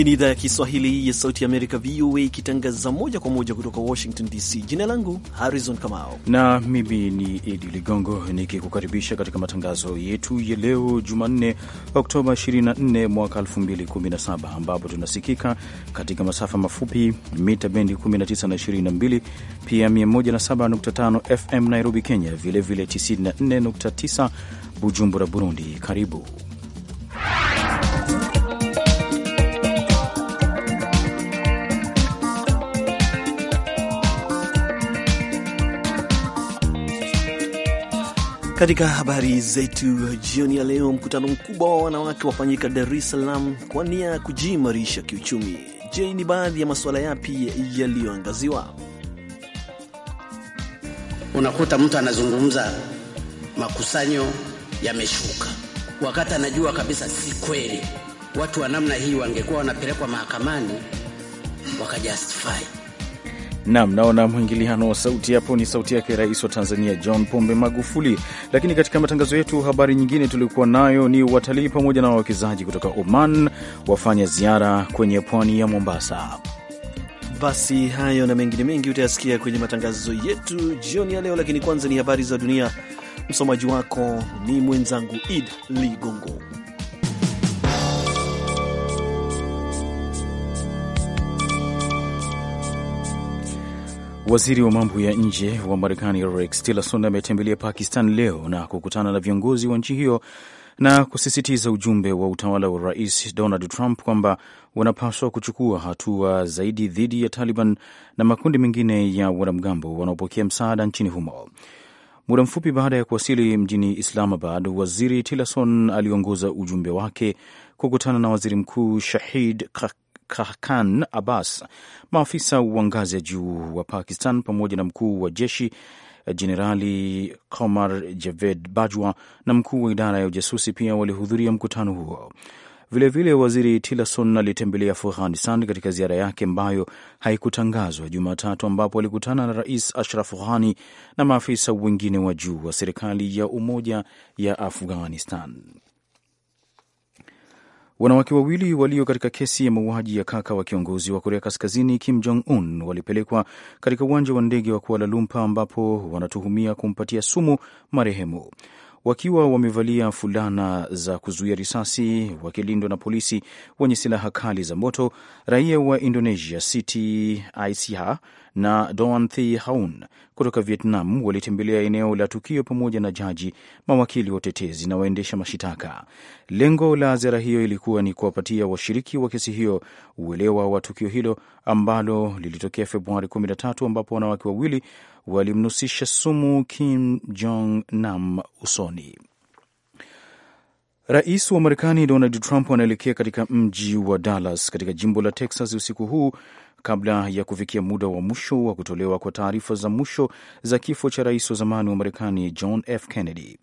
Hii ni idhaa ya Kiswahili ya Sauti ya Amerika, VOA, ikitangaza moja kwa moja kutoka Washington DC. Jina langu Harrison kama na mimi ni Idi Ligongo nikikukaribisha katika matangazo yetu ya leo Jumanne, Oktoba 24 mwaka 2017, ambapo tunasikika katika masafa mafupi mita bendi 19 na 22, pia 107.5 FM Nairobi, Kenya, vilevile 94.9 Bujumbura, Burundi. Karibu Katika habari zetu jioni ya leo, mkutano mkubwa wa wanawake wafanyika Dar es Salaam kwa nia ya kujiimarisha kiuchumi. Je, ni baadhi ya masuala yapi yaliyoangaziwa? Unakuta mtu anazungumza makusanyo yameshuka, wakati anajua kabisa si kweli. Watu wa namna hii wangekuwa wanapelekwa mahakamani wakajustify Nam, naona mwingiliano wa sauti hapo ni sauti yake Rais wa Tanzania John Pombe Magufuli. Lakini katika matangazo yetu, habari nyingine tuliokuwa nayo ni watalii pamoja na wawekezaji kutoka Oman wafanya ziara kwenye pwani ya Mombasa. Basi hayo na mengine mengi utayasikia kwenye matangazo yetu jioni ya leo, lakini kwanza ni habari za dunia. Msomaji wako ni mwenzangu Id Ligongo. Waziri wa mambo ya nje wa Marekani Rex Tillerson ametembelea Pakistan leo na kukutana na viongozi wa nchi hiyo na kusisitiza ujumbe wa utawala wa Rais Donald Trump kwamba wanapaswa kuchukua hatua zaidi dhidi ya Taliban na makundi mengine ya wanamgambo wanaopokea msaada nchini humo. Muda mfupi baada ya kuwasili mjini Islamabad, waziri Tillerson aliongoza ujumbe wake kukutana na waziri mkuu Shahid Kahkan Abbas, maafisa wa ngazi ya juu wa Pakistan pamoja na mkuu wa jeshi Jenerali Komar Javed Bajwa na mkuu wa idara ya ujasusi pia walihudhuria mkutano huo. Vilevile vile waziri Tillerson alitembelea Afghanistan katika ziara yake ambayo haikutangazwa Jumatatu, ambapo alikutana na Rais Ashraf Ghani na maafisa wengine wa juu wa serikali ya umoja ya Afghanistan. Wanawake wawili walio katika kesi ya mauaji ya kaka wa kiongozi wa Korea Kaskazini Kim Jong Un walipelekwa katika uwanja wa ndege wa Kuala Lumpur ambapo wanatuhumia kumpatia sumu marehemu wakiwa wamevalia fulana za kuzuia risasi, wakilindwa na polisi wenye silaha kali za moto. Raia wa Indonesia City Aisyah na Doan Thi Haun kutoka Vietnam walitembelea eneo la tukio pamoja na jaji, mawakili, watetezi na waendesha mashitaka. Lengo la ziara hiyo ilikuwa ni kuwapatia washiriki wa kesi hiyo uelewa wa tukio hilo ambalo lilitokea Februari 13 ambapo wanawake wawili walimnusisha sumu Kim Jong Nam usoni. Rais wa Marekani Donald Trump anaelekea katika mji wa Dallas katika jimbo la Texas usiku huu kabla ya kufikia muda wa mwisho wa kutolewa kwa taarifa za mwisho za kifo cha rais wa zamani wa Marekani John F Kennedy.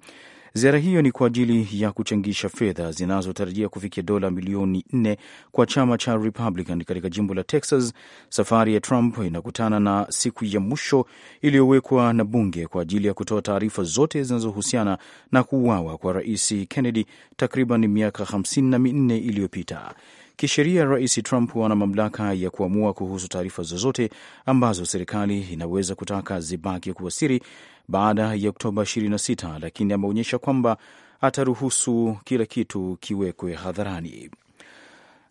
Ziara hiyo ni kwa ajili ya kuchangisha fedha zinazotarajia kufikia dola milioni nne kwa chama cha Republican katika jimbo la Texas. Safari ya Trump inakutana na siku ya mwisho iliyowekwa na bunge kwa ajili ya kutoa taarifa zote zinazohusiana na kuuawa kwa Rais Kennedy takriban miaka hamsini na minne iliyopita. Kisheria, Rais Trump ana mamlaka ya kuamua kuhusu taarifa zozote ambazo serikali inaweza kutaka zibaki kuwa siri baada ya Oktoba 26, lakini ameonyesha kwamba ataruhusu kila kitu kiwekwe hadharani.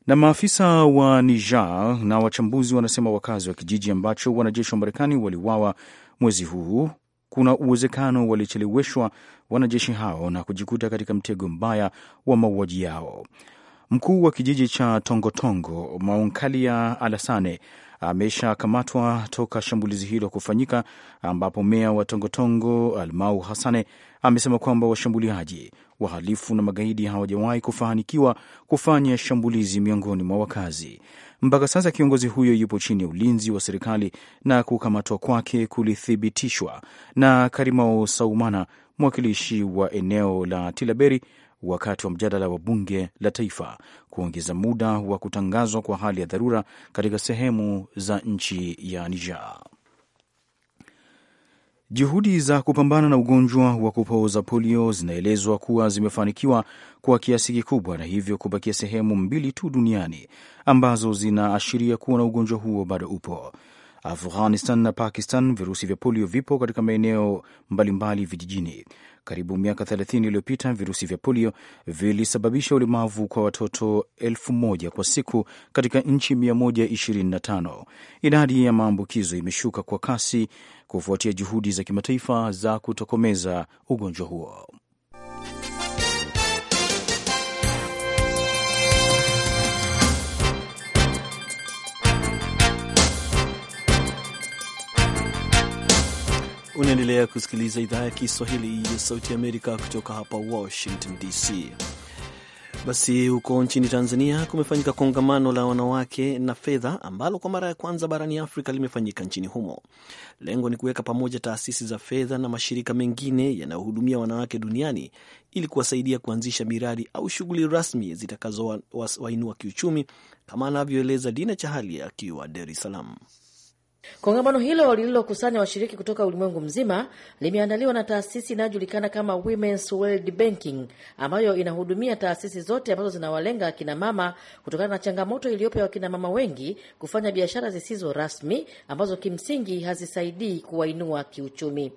Na maafisa wa Niger na wachambuzi wanasema wakazi wa kijiji ambacho wanajeshi wa Marekani waliuawa mwezi huu kuna uwezekano walicheleweshwa wanajeshi hao na kujikuta katika mtego mbaya wa mauaji yao. Mkuu wa kijiji cha Tongotongo Maunkalia Alasane ameshakamatwa toka shambulizi hilo kufanyika, ambapo meya wa Tongotongo Almau Hasane amesema kwamba washambuliaji wahalifu na magaidi hawajawahi kufanikiwa kufanya shambulizi miongoni mwa wakazi. Mpaka sasa kiongozi huyo yupo chini ya ulinzi wa serikali na kukamatwa kwake kulithibitishwa na Karimao Saumana, mwakilishi wa eneo la Tilaberi wakati wa mjadala wa bunge la taifa kuongeza muda wa kutangazwa kwa hali ya dharura katika sehemu za nchi ya Niger. Juhudi za kupambana na ugonjwa wa kupooza polio zinaelezwa kuwa zimefanikiwa kwa kiasi kikubwa, na hivyo kubakia sehemu mbili tu duniani ambazo zinaashiria kuwa na ugonjwa huo bado upo. Afghanistan na Pakistan, virusi vya polio vipo katika maeneo mbalimbali vijijini. Karibu miaka 30 iliyopita virusi vya polio vilisababisha ulemavu kwa watoto elfu moja kwa siku katika nchi 125. Idadi ya maambukizo imeshuka kwa kasi kufuatia juhudi za kimataifa za kutokomeza ugonjwa huo. Unaendelea kusikiliza idhaa ya Kiswahili ya Sauti Amerika kutoka hapa Washington DC. Basi huko nchini Tanzania kumefanyika kongamano la wanawake na fedha ambalo kwa mara ya kwanza barani Afrika limefanyika nchini humo. Lengo ni kuweka pamoja taasisi za fedha na mashirika mengine yanayohudumia wanawake duniani ili kuwasaidia kuanzisha miradi au shughuli rasmi zitakazowainua wa kiuchumi, kama anavyoeleza Dina Chahali akiwa Dar es Salaam. Kongamano hilo lililokusanya washiriki kutoka ulimwengu mzima limeandaliwa na taasisi inayojulikana kama Women's World Banking ambayo inahudumia taasisi zote ambazo zinawalenga akinamama kutokana na changamoto iliyopo ya wakinamama wengi kufanya biashara zisizo rasmi ambazo kimsingi hazisaidii kuwainua kiuchumi.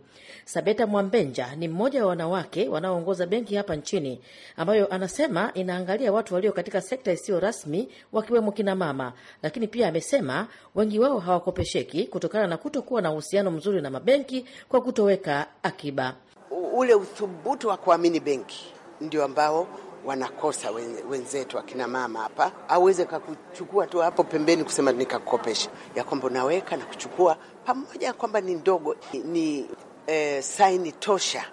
Sabeta Mwambenja ni mmoja wa wanawake wanaoongoza benki hapa nchini ambayo anasema inaangalia watu walio katika sekta isiyo rasmi wakiwemo kinamama, lakini pia amesema wengi wao hawakopesheki wengi kutokana na kutokuwa na uhusiano mzuri na mabenki kwa kutoweka akiba. Ule uthubutu wa kuamini benki ndio ambao wanakosa wenzetu akina mama hapa, auweze kakuchukua tu hapo pembeni kusema nikakukopesha, ya kwamba unaweka na kuchukua pamoja, kwamba ni ndogo, ni e, eh, saini tosha.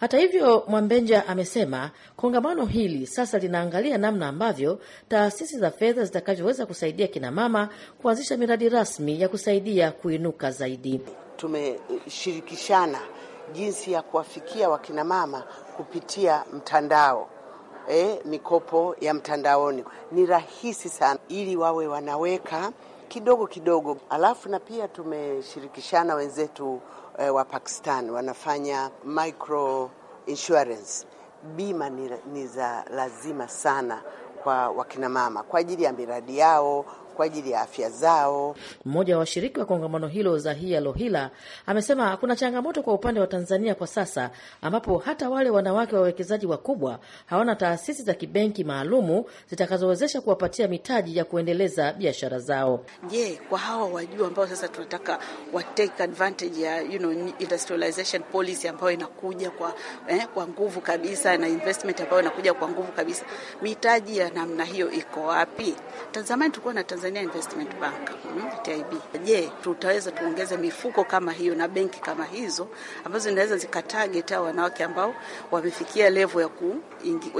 Hata hivyo, Mwambenja amesema kongamano hili sasa linaangalia namna ambavyo taasisi za fedha zitakavyoweza kusaidia kinamama kuanzisha miradi rasmi ya kusaidia kuinuka zaidi. Tumeshirikishana jinsi ya kuwafikia wakinamama kupitia mtandao. E, mikopo ya mtandaoni ni rahisi sana, ili wawe wanaweka kidogo kidogo, alafu na pia tumeshirikishana wenzetu e, wa Pakistan wanafanya micro insurance. Bima ni, ni za lazima sana kwa wakinamama kwa ajili ya miradi yao, kwa ajili ya afya zao. Mmoja wa washiriki wa kongamano hilo Zahia Lohila amesema kuna changamoto kwa upande wa Tanzania kwa sasa, ambapo hata wale wanawake wawekezaji wakubwa hawana taasisi za kibenki maalumu zitakazowezesha kuwapatia mitaji ya kuendeleza biashara zao. Je, kwa hawa wajuu ambao sasa tunataka wa take advantage ya you know, industrialization policy ambayo inakuja kwa, eh, kwa nguvu kabisa na investment ambayo inakuja kwa nguvu kabisa, mitaji ya namna hiyo iko wapi? Zamani tulikuwa na Tanzania Tanzania Investment Bank mm, TIB. Je, tutaweza tuongeze mifuko kama hiyo na benki kama hizo ambazo zinaweza zikatarget hao wanawake ambao wamefikia level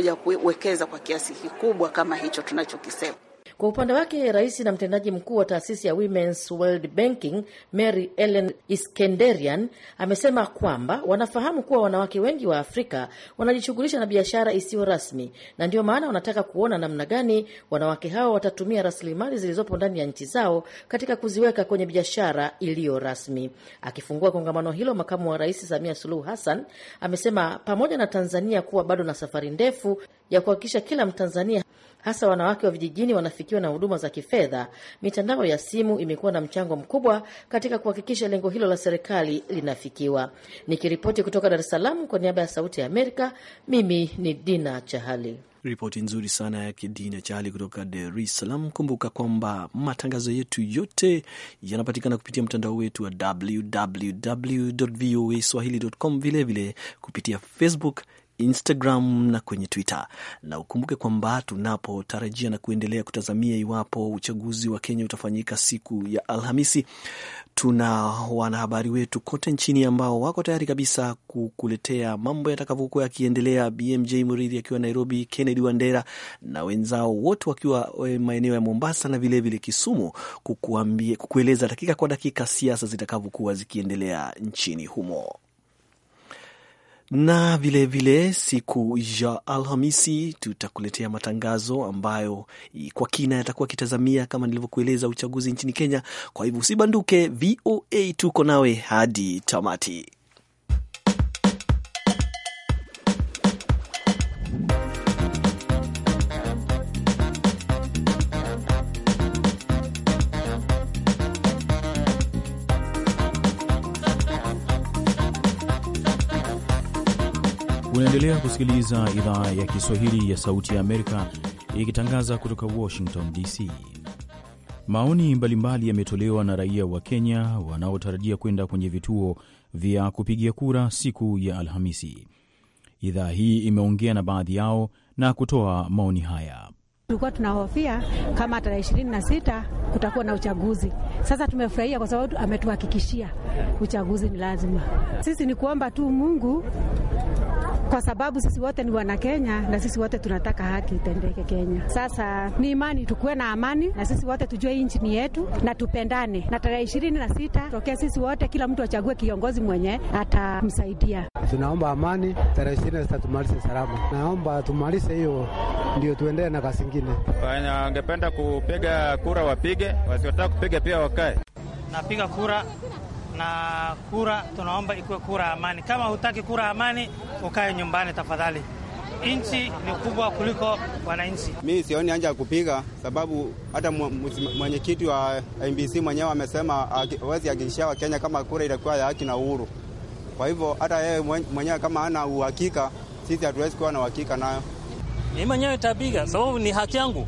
ya kuwekeza kwa kiasi kikubwa kama hicho tunachokisema. Kwa upande wake, rais na mtendaji mkuu wa taasisi ya Women's World Banking Mary Ellen Iskenderian amesema kwamba wanafahamu kuwa wanawake wengi wa Afrika wanajishughulisha na biashara isiyo rasmi, na ndiyo maana wanataka kuona namna gani wanawake hao watatumia rasilimali zilizopo ndani ya nchi zao katika kuziweka kwenye biashara iliyo rasmi. Akifungua kongamano hilo, makamu wa rais Samia Suluhu Hassan amesema pamoja na Tanzania kuwa bado na safari ndefu ya kuhakikisha kila Mtanzania hasa wanawake wa vijijini wanafikiwa na huduma za kifedha, mitandao ya simu imekuwa na mchango mkubwa katika kuhakikisha lengo hilo la serikali linafikiwa. Nikiripoti kutoka Dar es Salaam kwa niaba ya Sauti ya Amerika, mimi ni Dina Chahali. Ripoti nzuri sana ya Kidina Chali kutoka Dar es Salaam. Kumbuka kwamba matangazo yetu yote yanapatikana kupitia mtandao wetu wa www voa swahili com, vilevile kupitia Facebook Instagram na kwenye Twitter. Na ukumbuke kwamba tunapotarajia na kuendelea kutazamia iwapo uchaguzi wa Kenya utafanyika siku ya Alhamisi, tuna wanahabari wetu kote nchini ambao wako tayari kabisa kukuletea mambo yatakavyokuwa yakiendelea. BMJ Muridhi akiwa Nairobi, Kennedy Wandera na wenzao wote wakiwa eh, maeneo ya Mombasa na vilevile vile Kisumu, kukuambia kukueleza dakika kwa dakika siasa zitakavyokuwa zikiendelea nchini humo na vilevile vile, siku ya Alhamisi tutakuletea matangazo ambayo kwa kina yatakuwa kitazamia kama nilivyokueleza uchaguzi nchini Kenya. Kwa hivyo usibanduke, VOA tuko nawe hadi tamati. Unaendelea kusikiliza idhaa ya Kiswahili ya Sauti ya Amerika ikitangaza kutoka Washington DC. Maoni mbalimbali yametolewa na raia wa Kenya wanaotarajia kwenda kwenye vituo vya kupigia kura siku ya Alhamisi. Idhaa hii imeongea na baadhi yao na kutoa maoni haya. Tulikuwa tunahofia kama tarehe ishirini na sita kutakuwa na uchaguzi. Sasa tumefurahia kwa sababu ametuhakikishia uchaguzi ni lazima. Sisi ni kuomba tu Mungu kwa sababu sisi wote ni wana kenya na sisi wote tunataka haki itendeke Kenya. Sasa ni imani, tukuwe na amani na sisi wote tujue nchi ni yetu na tupendane, na tarehe ishirini na sita tokee sisi wote, kila mtu achague kiongozi mwenye atamsaidia. Tunaomba amani, tarehe ishirini na sita tumalize salama. Naomba tumalize hiyo, ndio tuendelee na kazi ingine. Wenye wangependa kupiga kura wapige, wasiotaka kupiga pia wakae. Napiga kura na kura tunaomba ikuwe kura amani. Kama hutaki kura amani, ukae nyumbani tafadhali. Nchi ni kubwa kuliko wananchi. Mi sioni haja ya kupiga, sababu hata mwenyekiti wa MBC mwenyewe amesema awezi hakikishia Wakenya kama kura itakuwa ya haki na uhuru. Kwa hivyo hata yeye mwenyewe kama ana uhakika, sisi hatuwezi kuwa na uhakika nayo. Mi mwenyewe itapiga sababu ni haki yangu.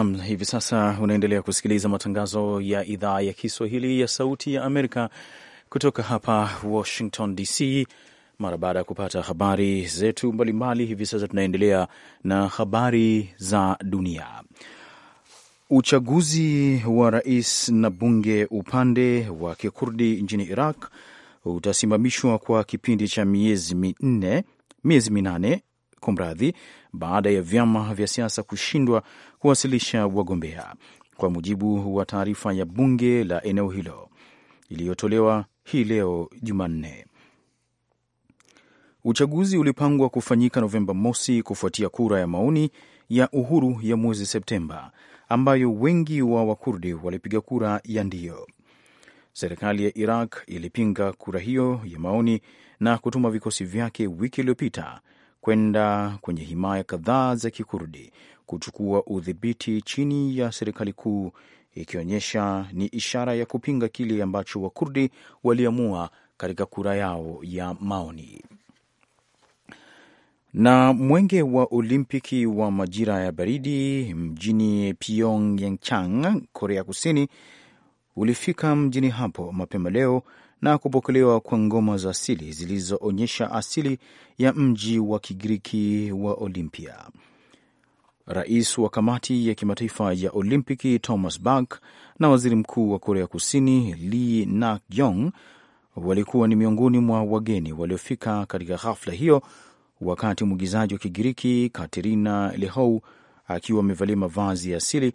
Naam, hivi sasa unaendelea kusikiliza matangazo ya idhaa ya Kiswahili ya Sauti ya Amerika kutoka hapa Washington DC. Mara baada ya kupata habari zetu mbalimbali, hivi sasa tunaendelea na habari za dunia. Uchaguzi wa rais na bunge upande wa kikurdi nchini Iraq utasimamishwa kwa kipindi cha miezi minne, miezi minane kumradhi, baada ya vyama vya siasa kushindwa kuwasilisha wagombea, kwa mujibu wa taarifa ya bunge la eneo hilo iliyotolewa hii leo Jumanne. Uchaguzi ulipangwa kufanyika Novemba mosi kufuatia kura ya maoni ya uhuru ya mwezi Septemba ambayo wengi wa Wakurdi walipiga kura ya ndio Serikali ya Iraq ilipinga kura hiyo ya maoni na kutuma vikosi vyake wiki iliyopita kwenda kwenye himaya kadhaa za Kikurdi kuchukua udhibiti chini ya serikali kuu, ikionyesha ni ishara ya kupinga kile ambacho Wakurdi waliamua katika kura yao ya maoni. Na mwenge wa Olimpiki wa majira ya baridi mjini Pyongyang, Korea Kusini ulifika mjini hapo mapema leo na kupokelewa kwa ngoma za asili zilizoonyesha asili ya mji wa Kigiriki wa Olimpia. Rais wa kamati ya kimataifa ya Olimpiki Thomas Bach na waziri mkuu wa Korea Kusini Lee Nak-yong walikuwa ni miongoni mwa wageni waliofika katika hafla hiyo, wakati mwigizaji wa Kigiriki Katerina Lehou akiwa amevalia mavazi ya asili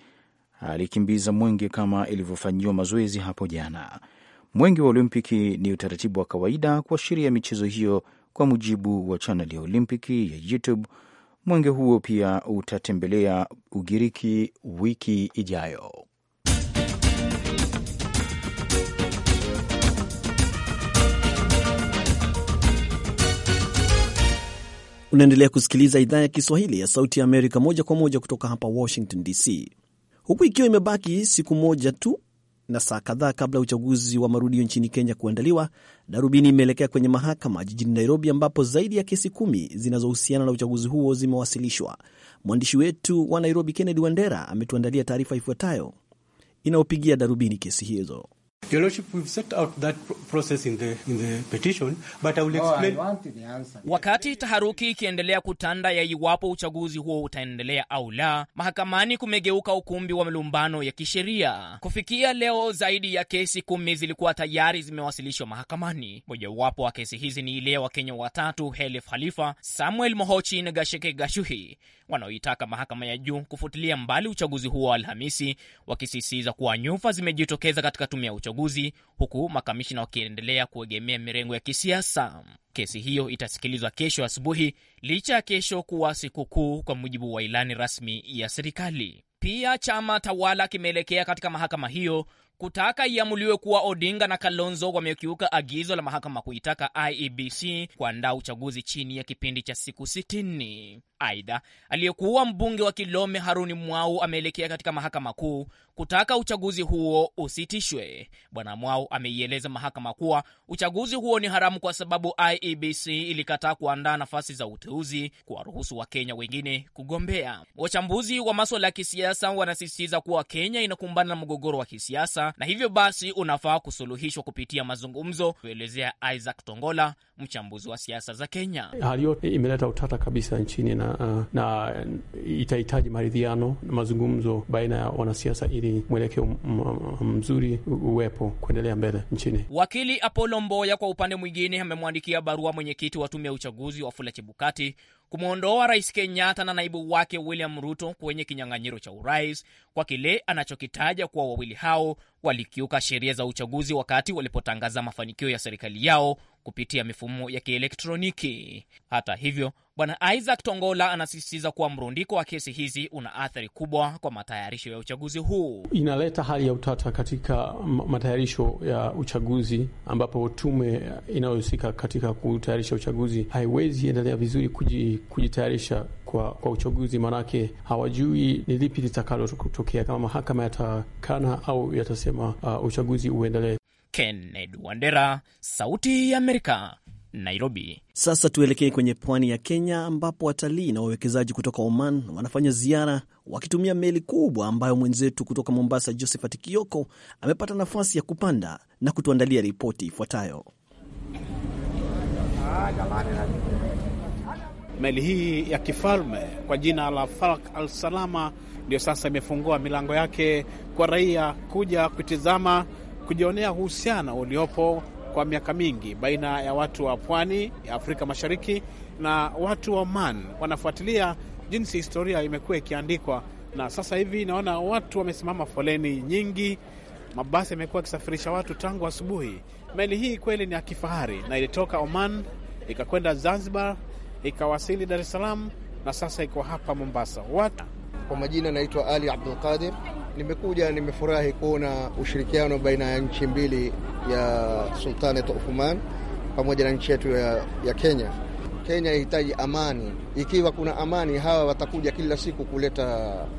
alikimbiza mwenge kama ilivyofanyiwa mazoezi hapo jana. Mwenge wa Olimpiki ni utaratibu wa kawaida kuashiria michezo hiyo, kwa mujibu wa chaneli ya Olimpiki ya YouTube Mwenge huo pia utatembelea Ugiriki wiki ijayo. Unaendelea kusikiliza idhaa ya Kiswahili ya Sauti ya Amerika moja kwa moja kutoka hapa Washington DC, huku ikiwa imebaki siku moja tu na saa kadhaa kabla ya uchaguzi wa marudio nchini Kenya kuandaliwa, darubini imeelekea kwenye mahakama jijini Nairobi, ambapo zaidi ya kesi kumi zinazohusiana na uchaguzi huo zimewasilishwa. Mwandishi wetu wa Nairobi, Kennedy Wandera, ametuandalia taarifa ifuatayo inayopigia darubini kesi hizo. Your Lordship, we've set out that process in the, in the petition, but I will oh, explain... Oh, wakati taharuki ikiendelea kutanda ya iwapo uchaguzi huo utaendelea au la, mahakamani kumegeuka ukumbi wa malumbano ya kisheria. Kufikia leo zaidi ya kesi kumi zilikuwa tayari zimewasilishwa mahakamani. Mojawapo wa kesi hizi ni ile ya Wakenya watatu Helif Khalifa, Samuel Mohochi na Gasheke Gashuhi wanaoitaka mahakama ya juu kufutilia mbali uchaguzi huo wa Alhamisi, wakisisitiza kuwa nyufa zimejitokeza katika tume ya uchaguzi uchaguzi, huku makamishina wakiendelea kuegemea mirengo ya kisiasa. Kesi hiyo itasikilizwa kesho asubuhi, licha ya kesho kuwa sikukuu kwa mujibu wa ilani rasmi ya serikali. Pia chama tawala kimeelekea katika mahakama hiyo kutaka iamuliwe kuwa Odinga na Kalonzo wamekiuka agizo la mahakama kuitaka IEBC kuandaa uchaguzi chini ya kipindi cha siku 60. Aidha, aliyekuwa mbunge wa Kilome Haruni Mwau ameelekea katika mahakama kuu kutaka uchaguzi huo usitishwe. Bwana Mwau ameieleza mahakama kuwa uchaguzi huo ni haramu kwa sababu IEBC ilikataa kuandaa nafasi za uteuzi kuwaruhusu Wakenya wengine kugombea. Wachambuzi wa maswala ya kisiasa wanasisitiza kuwa Kenya inakumbana na mgogoro wa kisiasa na hivyo basi unafaa kusuluhishwa kupitia mazungumzo, kuelezea Isaac Tongola, mchambuzi wa siasa za Kenya. Hali yote imeleta utata kabisa nchini na, uh, na uh, itahitaji maridhiano na mazungumzo baina ya wanasiasa ili ili mwelekeo mzuri uwepo kuendelea mbele nchini. Wakili Apolo Mboya kwa upande mwingine amemwandikia barua mwenyekiti wa tume ya uchaguzi Wafula Chebukati kumwondoa Rais Kenyatta na naibu wake William Ruto kwenye kinyang'anyiro cha urais kwa kile anachokitaja kuwa wawili hao walikiuka sheria za uchaguzi wakati walipotangaza mafanikio ya serikali yao kupitia mifumo ya kielektroniki. Hata hivyo Bwana Isaac Tongola anasisitiza kuwa mrundiko wa kesi hizi una athari kubwa kwa matayarisho ya uchaguzi huu. Inaleta hali ya utata katika matayarisho ya uchaguzi, ambapo tume inayohusika katika kutayarisha uchaguzi haiwezi endelea vizuri kujitayarisha kwa, kwa uchaguzi, maanake hawajui ni lipi litakalotokea, kama mahakama yatakana au yatasema uh, uchaguzi uendelee. Kennedy Wandera, Sauti ya Amerika, Nairobi. Sasa tuelekee kwenye pwani ya Kenya ambapo watalii na wawekezaji kutoka Oman wanafanya ziara wakitumia meli kubwa ambayo mwenzetu kutoka Mombasa Josephat Kioko amepata nafasi ya kupanda na kutuandalia ripoti ifuatayo. Meli hii ya kifalme kwa jina la Falk Al Salama ndiyo sasa imefungua milango yake kwa raia kuja kutizama, kujionea uhusiano uliopo kwa miaka mingi baina ya watu wa pwani ya Afrika Mashariki na watu wa Man. Wanafuatilia jinsi historia imekuwa ikiandikwa, na sasa hivi naona watu wamesimama foleni nyingi, mabasi yamekuwa akisafirisha watu tangu asubuhi. Meli hii kweli ni ya kifahari, na ilitoka Oman ikakwenda Zanzibar ikawasili Dar es Salaam na sasa iko hapa Mombasa. Watu kwa majina naitwa Ali Abdulqadir Nimekuja, nimefurahi kuona ushirikiano baina ya nchi mbili ya sultanet ofman pamoja na nchi yetu ya, ya Kenya. Kenya inahitaji amani. Ikiwa kuna amani, hawa watakuja kila siku kuleta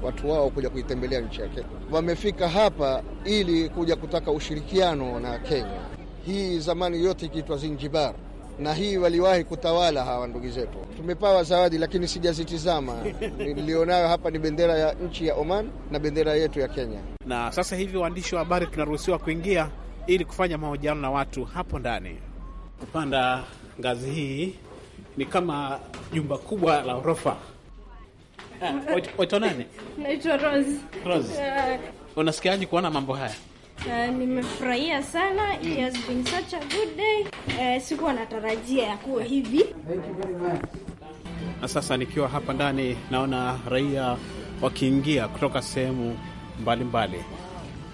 watu wao kuja kuitembelea nchi ya Kenya. Wamefika hapa ili kuja kutaka ushirikiano na Kenya. Hii zamani yote ikiitwa zinjibar na hii waliwahi kutawala hawa ndugu zetu. Tumepawa zawadi, lakini sijazitizama. Nilionayo hapa ni bendera ya nchi ya Oman na bendera yetu ya Kenya. Na sasa hivi waandishi wa habari tunaruhusiwa kuingia ili kufanya mahojiano na watu hapo ndani. Kupanda ngazi hii ni kama jumba kubwa la ghorofa. Waitwa eh, nani? Naitwa Rose. Rose, eh. unasikiaje kuona mambo haya? Uh, nimefurahia sana. It has been such a good day. Uh, sikuwa natarajia ya kuwa hivi. Na sasa nikiwa hapa ndani naona raia wakiingia kutoka sehemu mbalimbali.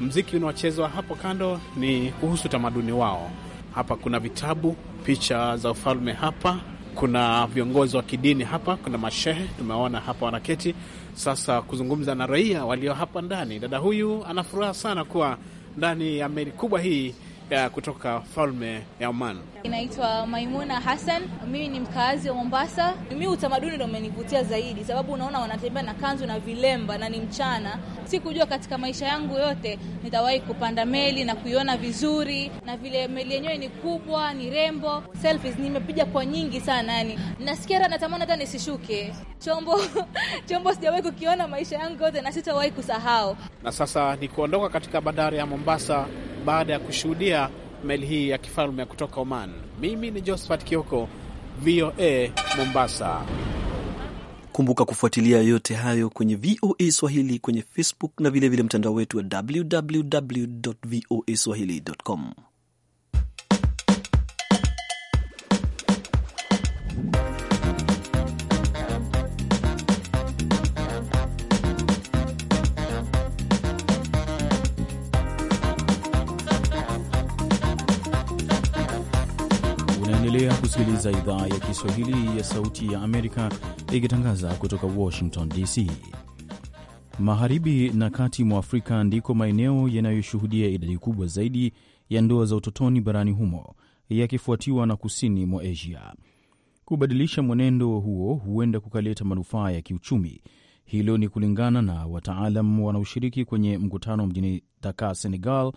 Mziki unaochezwa hapo kando ni kuhusu tamaduni wao. Hapa kuna vitabu, picha za ufalme hapa kuna viongozi wa kidini hapa, kuna mashehe tumeona hapa wanaketi sasa kuzungumza na raia walio hapa ndani. Dada huyu anafuraha sana kuwa ndani ya meli kubwa hii ya eh, kutoka falme ya Oman. Inaitwa Maimuna Hassan, mimi ni mkaazi wa Mombasa. Mimi utamaduni ndio umenivutia zaidi, sababu unaona wanatembea na kanzu na vilemba na ni mchana. Sikujua katika maisha yangu yote nitawahi kupanda meli na kuiona vizuri, na vile meli yenyewe ni kubwa, ni rembo. Selfies nimepiga kwa nyingi sana, yani nasikia natamani hata nisishuke chombo. Chombo sijawahi kukiona maisha yangu yote na sitawahi kusahau. Na sasa ni kuondoka katika bandari ya Mombasa baada ya kushuhudia meli hii ya kifalme kutoka Oman. Mimi ni Josephat Kioko, VOA Mombasa. Kumbuka kufuatilia yote hayo kwenye VOA Swahili kwenye Facebook na vilevile mtandao wetu wa www voa swahili.com. kusikiliza idhaa ya Kiswahili ya Sauti ya Amerika ikitangaza kutoka Washington DC. Magharibi na kati mwa Afrika ndiko maeneo yanayoshuhudia idadi kubwa zaidi ya ndoa za utotoni barani humo, yakifuatiwa na kusini mwa Asia. Kubadilisha mwenendo huo huenda kukaleta manufaa ya kiuchumi. Hilo ni kulingana na wataalam wanaoshiriki kwenye mkutano mjini Dakar, Senegal,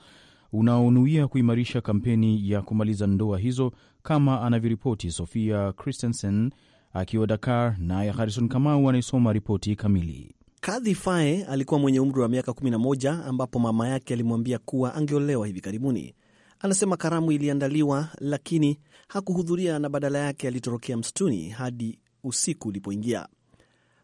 unaonuia kuimarisha kampeni ya kumaliza ndoa hizo, kama anavyoripoti Sofia Christensen akiwa Dakar, naye Harison Kamau anayesoma ripoti kamili. Kadhi Fae alikuwa mwenye umri wa miaka 11 ambapo mama yake alimwambia kuwa angeolewa hivi karibuni. Anasema karamu iliandaliwa lakini hakuhudhuria na badala yake alitorokea msituni hadi usiku ulipoingia.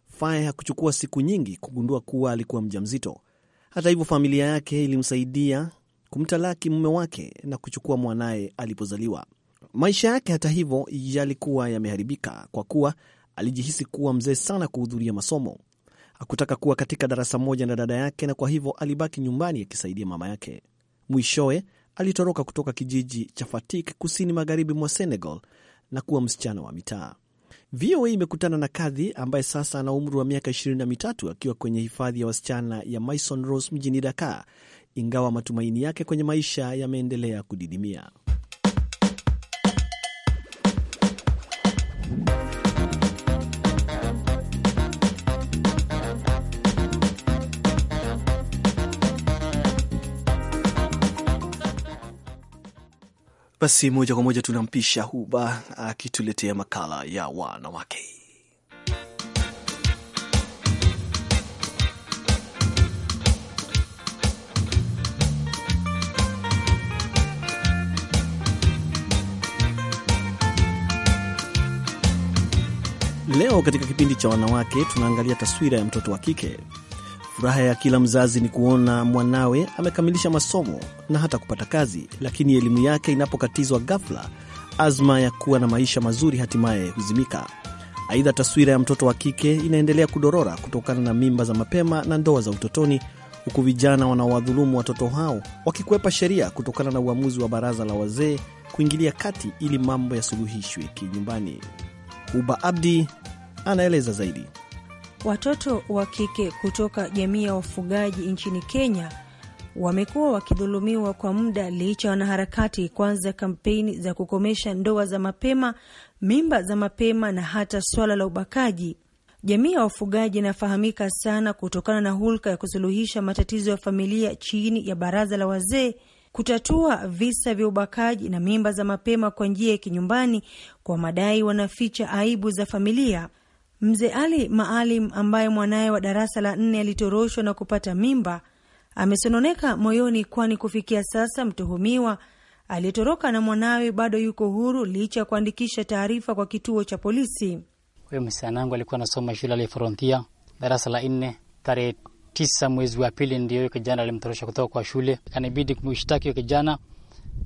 Fae hakuchukua siku nyingi kugundua kuwa alikuwa mjamzito. Hata hivyo, familia yake ilimsaidia kumtalaki mume wake na kuchukua mwanaye alipozaliwa. Maisha yake hata hivyo yalikuwa yameharibika kwa kuwa alijihisi kuwa mzee sana kuhudhuria masomo. Hakutaka kuwa katika darasa moja na dada yake, na kwa hivyo alibaki nyumbani akisaidia mama yake. Mwishowe alitoroka kutoka kijiji cha Fatik kusini magharibi mwa Senegal na kuwa msichana wa mitaa. VOA imekutana na Kadhi ambaye sasa ana umri wa miaka 23 akiwa kwenye hifadhi ya wasichana ya Maison Rose mjini Dakar ingawa matumaini yake kwenye maisha yameendelea kudidimia. Basi moja kwa moja tunampisha Huba akituletea makala ya wanawake. Leo katika kipindi cha wanawake tunaangalia taswira ya mtoto wa kike. Furaha ya kila mzazi ni kuona mwanawe amekamilisha masomo na hata kupata kazi, lakini elimu yake inapokatizwa ghafla, azma ya kuwa na maisha mazuri hatimaye huzimika. Aidha, taswira ya mtoto wa kike inaendelea kudorora kutokana na mimba za mapema na ndoa za utotoni, huku vijana wanaowadhulumu watoto hao wakikwepa sheria kutokana na uamuzi wa baraza la wazee kuingilia kati ili mambo yasuluhishwe kinyumbani. Uba Abdi anaeleza zaidi. Watoto wa kike kutoka jamii ya wafugaji nchini Kenya wamekuwa wakidhulumiwa kwa muda licha ya wanaharakati kuanza kampeni za kukomesha ndoa za mapema, mimba za mapema na hata swala la ubakaji. Jamii ya wafugaji inafahamika sana kutokana na hulka ya kusuluhisha matatizo ya familia chini ya baraza la wazee kutatua visa vya ubakaji na mimba za mapema kwa njia ya kinyumbani kwa madai wanaficha aibu za familia. Mzee Ali Maalim ambaye mwanaye wa darasa la nne alitoroshwa na kupata mimba amesononeka moyoni, kwani kufikia sasa mtuhumiwa aliyetoroka na mwanawe bado yuko huru licha ya kuandikisha taarifa kwa kituo cha polisi. Huyo msichana wangu alikuwa anasoma shule ya darasa la nne, tarehe tisa mwezi wa pili ndio kijana alimtorosha kutoka kwa shule, kanibidi kumshtaki hiyo kijana.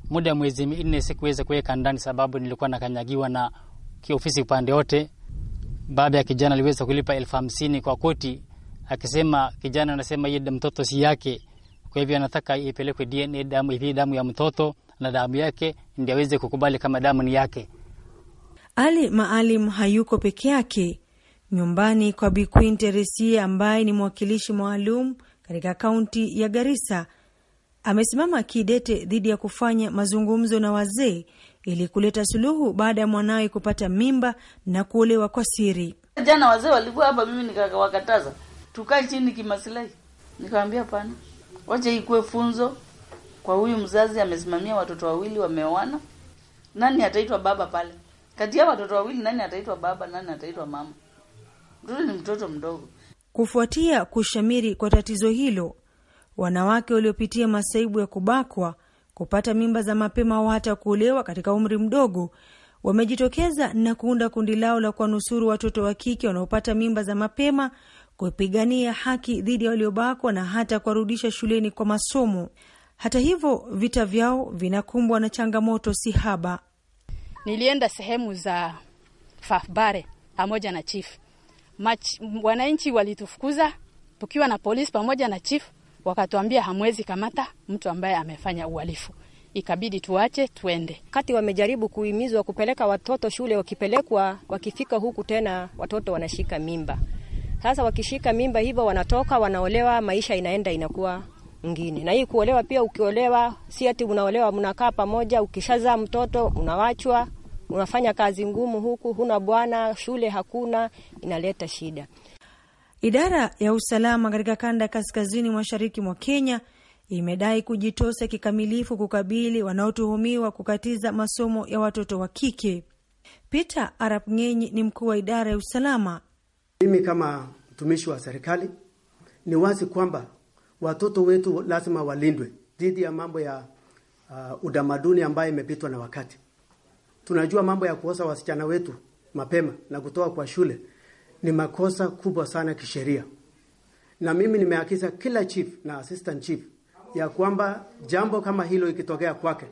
Muda wa mwezi minne sikuweza kuweka ndani, sababu nilikuwa nakanyagiwa na kiofisi upande wote. Baba ya kijana aliweza kulipa elfu hamsini kwa koti, akisema kijana anasema yeye mtoto si yake, kwa hivyo anataka ipelekwe DNA damu, hii damu ya mtoto na damu yake ndio aweze kukubali kama damu ni yake. Ali Maalim hayuko peke yake nyumbani kwa Bi Queen Teresia ambaye ni mwakilishi maalum katika kaunti ya Garissa amesimama kidete dhidi ya kufanya mazungumzo na wazee ili kuleta suluhu baada ya mwanawe kupata mimba na kuolewa kwa siri. Jana wazee walikuwa hapa, mimi nikawakataza, tukae chini kimasilahi. Nikawambia pana, wacha ikuwe funzo kwa huyu mzazi. Amesimamia watoto wawili wameoana, nani ataitwa baba pale? Kati ya watoto wawili, nani ataitwa baba, nani ataitwa mama? ni mm, mtoto mdogo. Kufuatia kushamiri kwa tatizo hilo, wanawake waliopitia masaibu ya kubakwa, kupata mimba za mapema au hata kuolewa katika umri mdogo wamejitokeza na kuunda kundi lao la kuwanusuru watoto wa kike wanaopata mimba za mapema, kupigania haki dhidi ya waliobakwa na hata kuwarudisha shuleni kwa masomo. Hata hivyo, vita vyao vinakumbwa na changamoto si haba. Nilienda sehemu za Fafbare pamoja na chifu wananchi walitufukuza tukiwa na polisi pamoja na chifu, wakatuambia hamwezi kamata mtu ambaye amefanya uhalifu. Ikabidi tuache tuende. kati wamejaribu kuhimizwa kupeleka watoto shule, wakipelekwa wakifika huku tena watoto wanashika mimba. Sasa wakishika mimba hivyo wanatoka wanaolewa, maisha inaenda inakuwa ngine. Na hii kuolewa pia, ukiolewa si ati unaolewa mnakaa pamoja, ukishazaa mtoto unawachwa unafanya kazi ngumu huku, huna bwana, shule hakuna, inaleta shida. Idara ya usalama katika kanda ya kaskazini mashariki mwa Kenya imedai kujitosa kikamilifu kukabili wanaotuhumiwa kukatiza masomo ya watoto wa kike. Peter Arap Ng'enyi ni mkuu wa idara ya usalama. Mimi kama mtumishi wa serikali, ni wazi kwamba watoto wetu lazima walindwe dhidi ya mambo ya uh, utamaduni ambayo imepitwa na wakati tunajua mambo ya kuosa wasichana wetu mapema na kutoa kwa shule ni makosa kubwa sana kisheria, na mimi nimeakiza kila chief na assistant chief ya kwamba jambo kama hilo ikitokea kwake,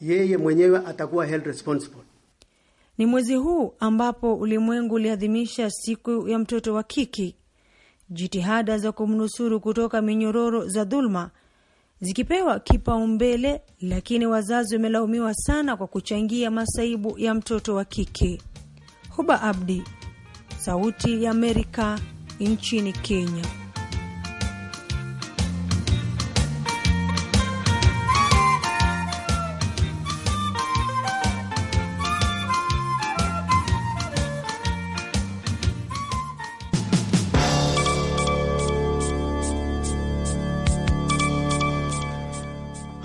yeye mwenyewe atakuwa held responsible. Ni mwezi huu ambapo ulimwengu uliadhimisha siku ya mtoto wa kike. Jitihada za kumnusuru kutoka minyororo za dhuluma zikipewa kipaumbele, lakini wazazi wamelaumiwa sana kwa kuchangia masaibu ya mtoto wa kike. Huba Abdi, Sauti ya Amerika, nchini Kenya.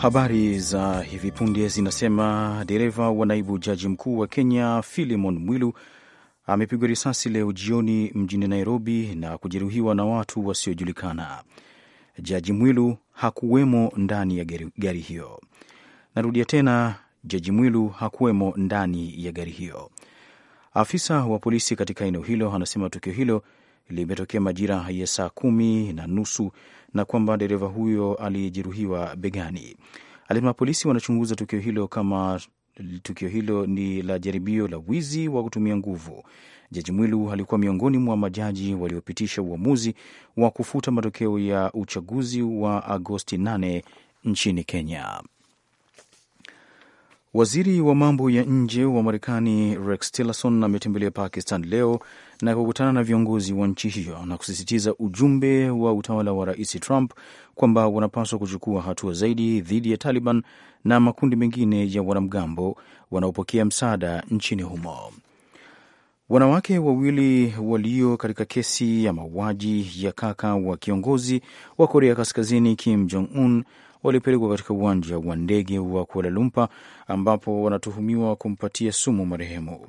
Habari za hivi punde zinasema dereva wa naibu jaji mkuu wa Kenya Filimon Mwilu amepigwa risasi leo jioni mjini Nairobi na kujeruhiwa na watu wasiojulikana. Jaji Mwilu hakuwemo ndani ya gari, gari hiyo. Narudia tena, jaji Mwilu hakuwemo ndani ya gari hiyo. Afisa wa polisi katika eneo hilo anasema tukio hilo limetokea majira ya saa kumi na nusu na kwamba dereva huyo alijeruhiwa begani. Alisema polisi wanachunguza tukio hilo kama tukio hilo ni la jaribio la wizi wa kutumia nguvu. Jaji Mwilu alikuwa miongoni mwa majaji waliopitisha uamuzi wa kufuta matokeo ya uchaguzi wa Agosti 8 nchini Kenya. Waziri wa mambo ya nje wa Marekani Rex Tillerson ametembelea Pakistan leo na kukutana na viongozi wa nchi hiyo na kusisitiza ujumbe wa utawala wa Rais Trump kwamba wanapaswa kuchukua hatua zaidi dhidi ya Taliban na makundi mengine ya wanamgambo wanaopokea msaada nchini humo. Wanawake wawili walio katika kesi ya mauaji ya kaka wa kiongozi wa Korea Kaskazini Kim Jong Un walipelekwa katika uwanja wa ndege wa Kuala Lumpur ambapo wanatuhumiwa kumpatia sumu marehemu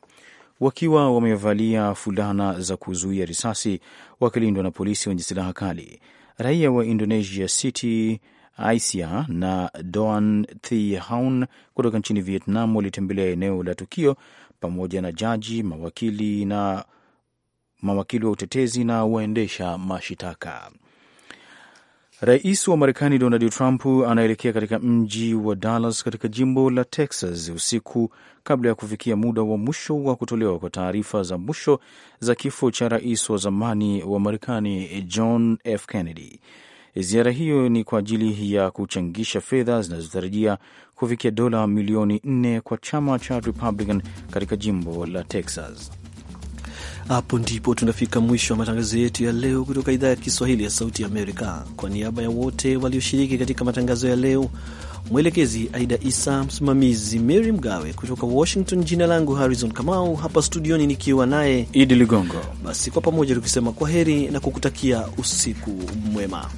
wakiwa wamevalia fulana za kuzuia risasi, wakilindwa na polisi wenye silaha kali. Raia wa Indonesia City Aisia na Doan Thi Haun kutoka nchini Vietnam walitembelea eneo la tukio pamoja na jaji, mawakili na mawakili wa utetezi na waendesha mashitaka. Rais wa Marekani Donald Trump anaelekea katika mji wa Dallas katika jimbo la Texas usiku kabla ya kufikia muda wa mwisho wa kutolewa kwa taarifa za mwisho za kifo cha rais wa zamani wa Marekani John F. Kennedy. Ziara hiyo ni kwa ajili ya kuchangisha fedha zinazotarajia kufikia dola milioni nne kwa chama cha Republican katika jimbo la Texas. Hapo ndipo tunafika mwisho wa matangazo yetu ya leo kutoka idhaa ya Kiswahili ya Sauti ya Amerika. Kwa niaba ya wote walioshiriki katika matangazo ya leo, mwelekezi Aida Isa, msimamizi Mary Mgawe kutoka Washington. Jina langu Harrison Kamau, hapa studioni nikiwa naye Idi Ligongo. Basi kwa pamoja tukisema kwa heri na kukutakia usiku mwema.